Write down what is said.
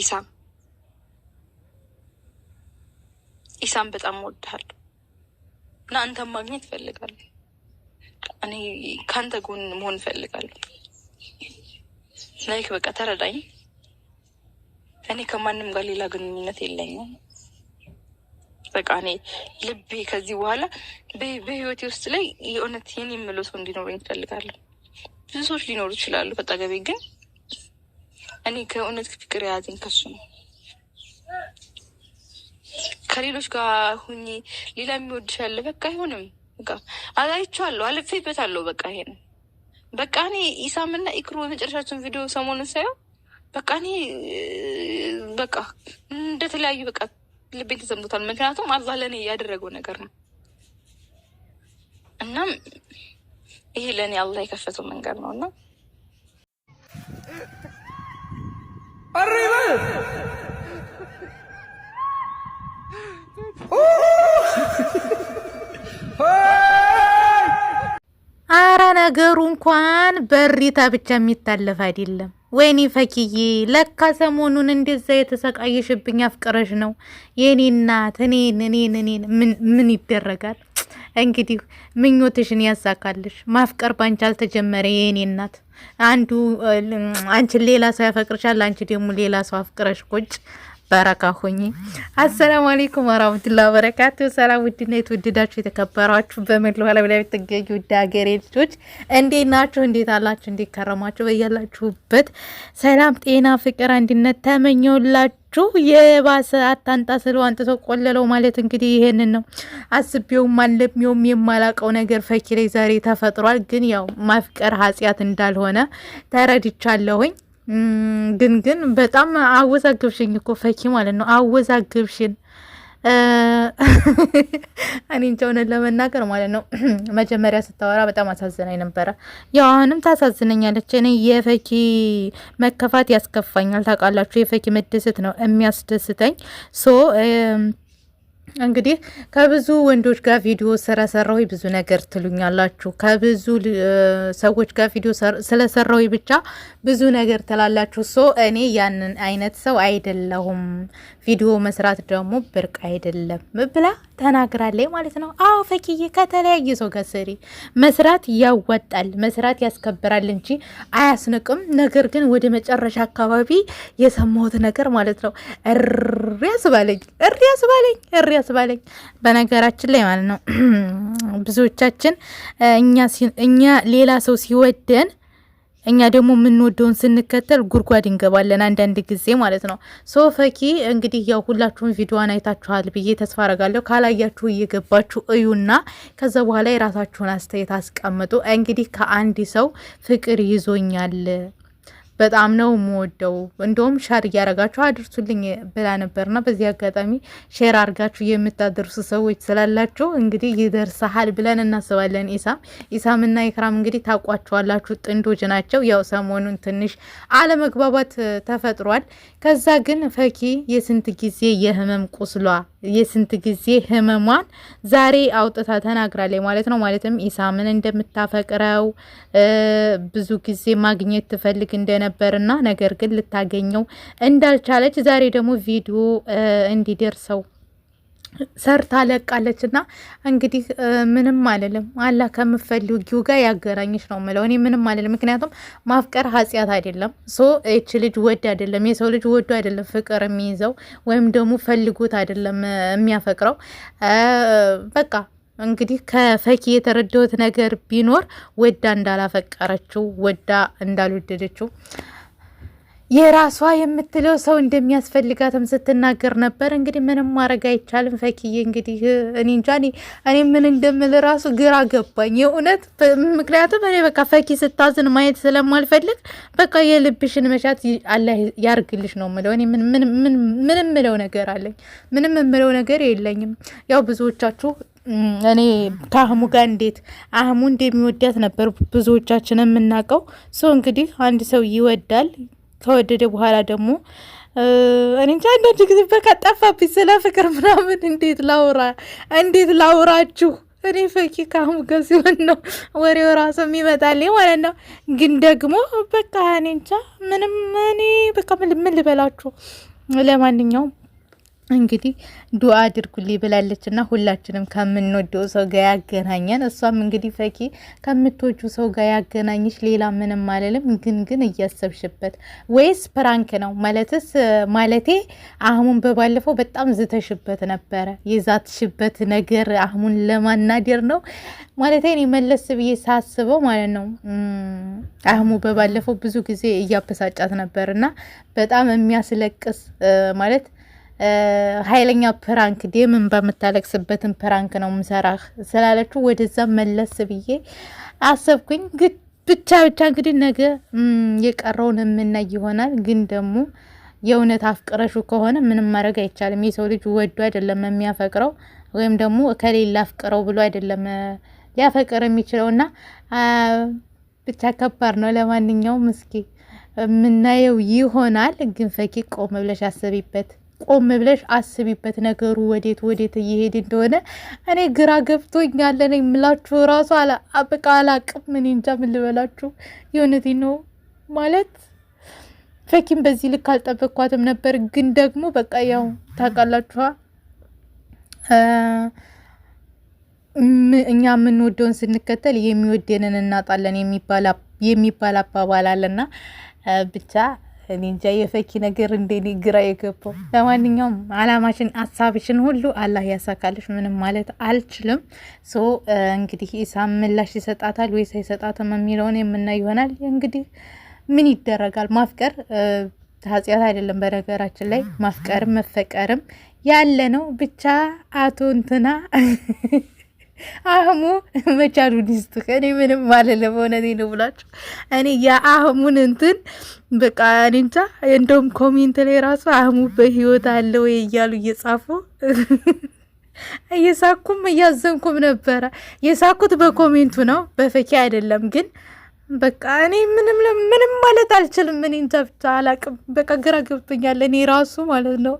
ኢሳም ኢሳም በጣም ወድሃል እና አንተን ማግኘት እፈልጋለሁ። እኔ ከአንተ ጎን መሆን እፈልጋለሁ። ላይክ በቃ ተረዳኝ። እኔ ከማንም ጋር ሌላ ግንኙነት የለኝም። በቃ እኔ ልቤ ከዚህ በኋላ በህይወቴ ውስጥ ላይ የእውነት የኔ የምለው ሰው እንዲኖረኝ እፈልጋለሁ። ብዙ ሰዎች ሊኖሩ ይችላሉ ፈጣገቤ ግን እኔ ከእውነት ፍቅር የያዘኝ ከሱ ነው። ከሌሎች ጋር ሁኜ ሌላ የሚወድሽ ያለ በቃ አይሆንም። በቃ አልፌበት አልፌበታለሁ። በቃ ይሄን በቃ እኔ ኢሳምና ኢክሩ በመጨረሻችን ቪዲዮ ሰሞኑን ሳየው በቃ እኔ በቃ እንደተለያዩ በቃ ልቤን ተሰምቶታል። ምክንያቱም አላህ ለእኔ ያደረገው ነገር ነው። እናም ይሄ ለእኔ አላህ የከፈተው መንገድ ነው እና አረ ¡Oh! ነገሩ እንኳን በሪታ ብቻ የሚታለፍ አይደለም። ወይኔ ፈኪዬ፣ ለካ ሰሞኑን እንደዛ የተሰቃየሽብኝ አፍቅረሽ ነው የኔ እናት። እኔን እኔን እኔን ምን ይደረጋል እንግዲህ ምኞትሽን ያሳካልሽ። ማፍቀር ባንቺ አልተጀመረ የእኔ እናት። አንዱ አንቺን ሌላ ሰው ያፈቅርሻል፣ አንቺ ደግሞ ሌላ ሰው አፍቅረሽ ቁጭ በረካ ሆኜ አሰላሙ አሌይኩም ወራህመቱላሂ ወበረካቱ። ሰላም ውድና የተወደዳችሁ የተከበራችሁ በመላው ዓለም ላይ የምትገኙ ውድ ሀገሬ ልጆች እንዴት ናችሁ? እንዴት አላችሁ? እንዴት ከረማችሁ? በያላችሁበት ሰላም፣ ጤና፣ ፍቅር፣ አንድነት ተመኘውላችሁ። የባሰ አታንጣ ስለው አንጥቶ ቆለለው ማለት እንግዲህ ይሄንን ነው። አስቤውም አለሚውም የማላቀው ነገር ፈኪ ላይ ዛሬ ተፈጥሯል። ግን ያው ማፍቀር ኃጢአት እንዳልሆነ ተረድቻለሁኝ። ግን ግን በጣም አወዛግብሽኝ እኮ ፈኪ ማለት ነው። አወዛግብሽን እኔ እንጃ እውነት ለመናገር ማለት ነው። መጀመሪያ ስታወራ በጣም አሳዝናኝ ነበረ። ያው አሁንም ታሳዝነኛለች። እኔ የፈኪ መከፋት ያስከፋኛል። ታውቃላችሁ፣ የፈኪ መደሰት ነው የሚያስደስተኝ ሶ እንግዲህ ከብዙ ወንዶች ጋር ቪዲዮ ስለሰራሁ ብዙ ነገር ትሉኛላችሁ። ከብዙ ሰዎች ጋር ቪዲዮ ስለሰራሁ ብቻ ብዙ ነገር ትላላችሁ። ሶ እኔ ያንን አይነት ሰው አይደለሁም። ቪዲዮ መስራት ደግሞ ብርቅ አይደለም ብላ ተናግራለች ማለት ነው። አዎ ፈኪዬ ከተለያየ ሰው ጋር ስሪ። መስራት ያወጣል፣ መስራት ያስከብራል እንጂ አያስንቅም። ነገር ግን ወደ መጨረሻ አካባቢ የሰማሁት ነገር ማለት ነው እሪ ያስባለኝ፣ እሪ ያስባለኝ፣ እሪ ያስባለኝ። በነገራችን ላይ ማለት ነው ብዙዎቻችን እኛ ሌላ ሰው ሲወደን እኛ ደግሞ የምንወደውን ስንከተል ጉድጓድ እንገባለን አንዳንድ ጊዜ ማለት ነው። ሶ ፈኪ እንግዲህ ያው ሁላችሁም ቪዲዮዋን አይታችኋል ብዬ ተስፋ አረጋለሁ። ካላያችሁ እየገባችሁ እዩና ከዛ በኋላ የራሳችሁን አስተያየት አስቀምጡ። እንግዲህ ከአንድ ሰው ፍቅር ይዞኛል በጣም ነው የምወደው። እንደውም ሻር እያረጋችሁ አድርሱልኝ ብላ ነበርና በዚህ አጋጣሚ ሼር አርጋችሁ የምታደርሱ ሰዎች ስላላችሁ እንግዲህ ይደርሰሃል ብለን እናስባለን። ኢሳም ኢሳም እና ኢክራም እንግዲህ ታውቋቸዋላችሁ፣ ጥንዶች ናቸው። ያው ሰሞኑን ትንሽ አለመግባባት ተፈጥሯል። ከዛ ግን ፈኪ የስንት ጊዜ የህመም ቁስሏ የስንት ጊዜ ህመሟን ዛሬ አውጥታ ተናግራለች ማለት ነው። ማለትም ኢሳምን እንደምታፈቅረው ብዙ ጊዜ ማግኘት ትፈልግ እንደነ ነበርና ነገር ግን ልታገኘው እንዳልቻለች ዛሬ ደግሞ ቪዲዮ እንዲደርሰው ሰርታ ለቃለች እና እንግዲህ ምንም አልልም። አላህ ከምፈልጊው ጋር ያገናኝሽ ነው ምለው። እኔ ምንም አልልም፣ ምክንያቱም ማፍቀር ኃጢአት አይደለም። ሶ ች ልጅ ወድ አይደለም፣ የሰው ልጅ ወዶ አይደለም ፍቅር የሚይዘው ወይም ደግሞ ፈልጎት አይደለም የሚያፈቅረው በቃ እንግዲህ ከፈኪ የተረዳሁት ነገር ቢኖር ወዳ እንዳላፈቀረችው ወዳ እንዳልወደደችው የራሷ የምትለው ሰው እንደሚያስፈልጋትም ስትናገር ነበር። እንግዲህ ምንም ማድረግ አይቻልም። ፈኪዬ እንግዲህ እኔ እንጃ እኔ ምን እንደምል ራሱ ግራ ገባኝ የእውነት። ምክንያቱም እኔ በቃ ፈኪ ስታዝን ማየት ስለማልፈልግ በቃ የልብሽን መሻት አላህ ያርግልሽ ነው ምለው። እኔ ምንም ምለው ነገር አለኝ ምንም የምለው ነገር የለኝም። ያው ብዙዎቻችሁ እኔ ከአህሙ ጋር እንዴት አህሙ እንደሚወዳት ነበር ብዙዎቻችን የምናውቀው። ሶ እንግዲህ አንድ ሰው ይወዳል። ከወደደ በኋላ ደግሞ እኔ እንጃ አንዳንድ ጊዜ በቃ ጠፋብኝ። ስለ ፍቅር ምናምን እንዴት ላውራ እንዴት ላውራችሁ? እኔ ፈኪ ከአህሙ ጋር ሲሆን ነው ወሬው ራሱ የሚመጣልኝ ማለት ነው። ግን ደግሞ በቃ እኔ እንጃ ምንም እኔ በቃ ምን ልበላችሁ። ለማንኛውም እንግዲህ ዱአ አድርጉልኝ ብላለች እና ሁላችንም ከምንወደው ሰው ጋር ያገናኘን። እሷም እንግዲህ ፈኪ ከምትወጁ ሰው ጋር ያገናኝሽ፣ ሌላ ምንም አልልም። ግን ግን እያሰብሽበት ወይስ ፕራንክ ነው ማለትስ? ማለቴ አህሙን በባለፈው በጣም ዝተሽበት ነበረ። የዛትሽበት ነገር አህሙን ለማናደር ነው ማለቴ። እኔ መለስ ብዬ ሳስበው ማለት ነው አህሙ በባለፈው ብዙ ጊዜ እያበሳጫት ነበር እና በጣም የሚያስለቅስ ማለት ኃይለኛ ፕራንክ ደምን በምታለቅስበትን ፕራንክ ነው ምሰራህ ስላለችው ወደዛ መለስ ብዬ አሰብኩኝ። ብቻ ብቻ እንግዲህ ነገ የቀረውን የምናይ ይሆናል። ግን ደግሞ የእውነት አፍቅረሹ ከሆነ ምንም ማድረግ አይቻልም። የሰው ልጅ ወዱ አይደለም የሚያፈቅረው ወይም ደግሞ ከሌላ አፍቅረው ብሎ አይደለም ሊያፈቅር የሚችለው እና ብቻ ከባድ ነው። ለማንኛውም እስኪ የምናየው ይሆናል። ግን ፈኪ ቆም ብለሽ አሰቢበት። ቆም ብለሽ አስቢበት። ነገሩ ወዴት ወዴት እየሄድ እንደሆነ እኔ ግራ ገብቶኛል። እኔ የምላችሁ ራሱ በቃ አላቅም። እኔ እንጃ ምን ልበላችሁ። የእውነቴን ነው ማለት ፈኪም በዚህ ልክ አልጠበቅኳትም ነበር። ግን ደግሞ በቃ ያው ታውቃላችኋ እኛ የምንወደውን ስንከተል የሚወደንን እናጣለን የሚባል አባባል አለና ብቻ እኔ እንጃ የፈኪ ነገር እንዴ ግራ የገባው። ለማንኛውም አላማሽን አሳብሽን ሁሉ አላህ ያሳካልሽ። ምንም ማለት አልችልም። ሶ እንግዲህ ኢሳም ምላሽ ይሰጣታል ወይስ አይሰጣትም የሚለውን የምናይ ይሆናል። እንግዲህ ምን ይደረጋል ማፍቀር ኃጢአት አይደለም። በነገራችን ላይ ማፍቀርም መፈቀርም ያለ ነው። ብቻ አቶ እንትና አህሙ መቻሉን ይስጥህ። እኔ ምንም አልልም፣ እውነቴን ነው ብላችሁ እኔ የአህሙን እንትን በቃ እኔ እንጃ። እንደውም ኮሜንት ላይ ራሱ አህሙ በህይወት አለ ወይ እያሉ እየጻፉ እየሳኩም እያዘንኩም ነበረ። የሳኩት በኮሜንቱ ነው በፈኪ አይደለም። ግን በቃ እኔ ምንም ምንም ማለት አልችልም። እኔ እንጃ ብቻ አላቅም። በቃ ግራ ገብቶኛል እኔ ራሱ ማለት ነው።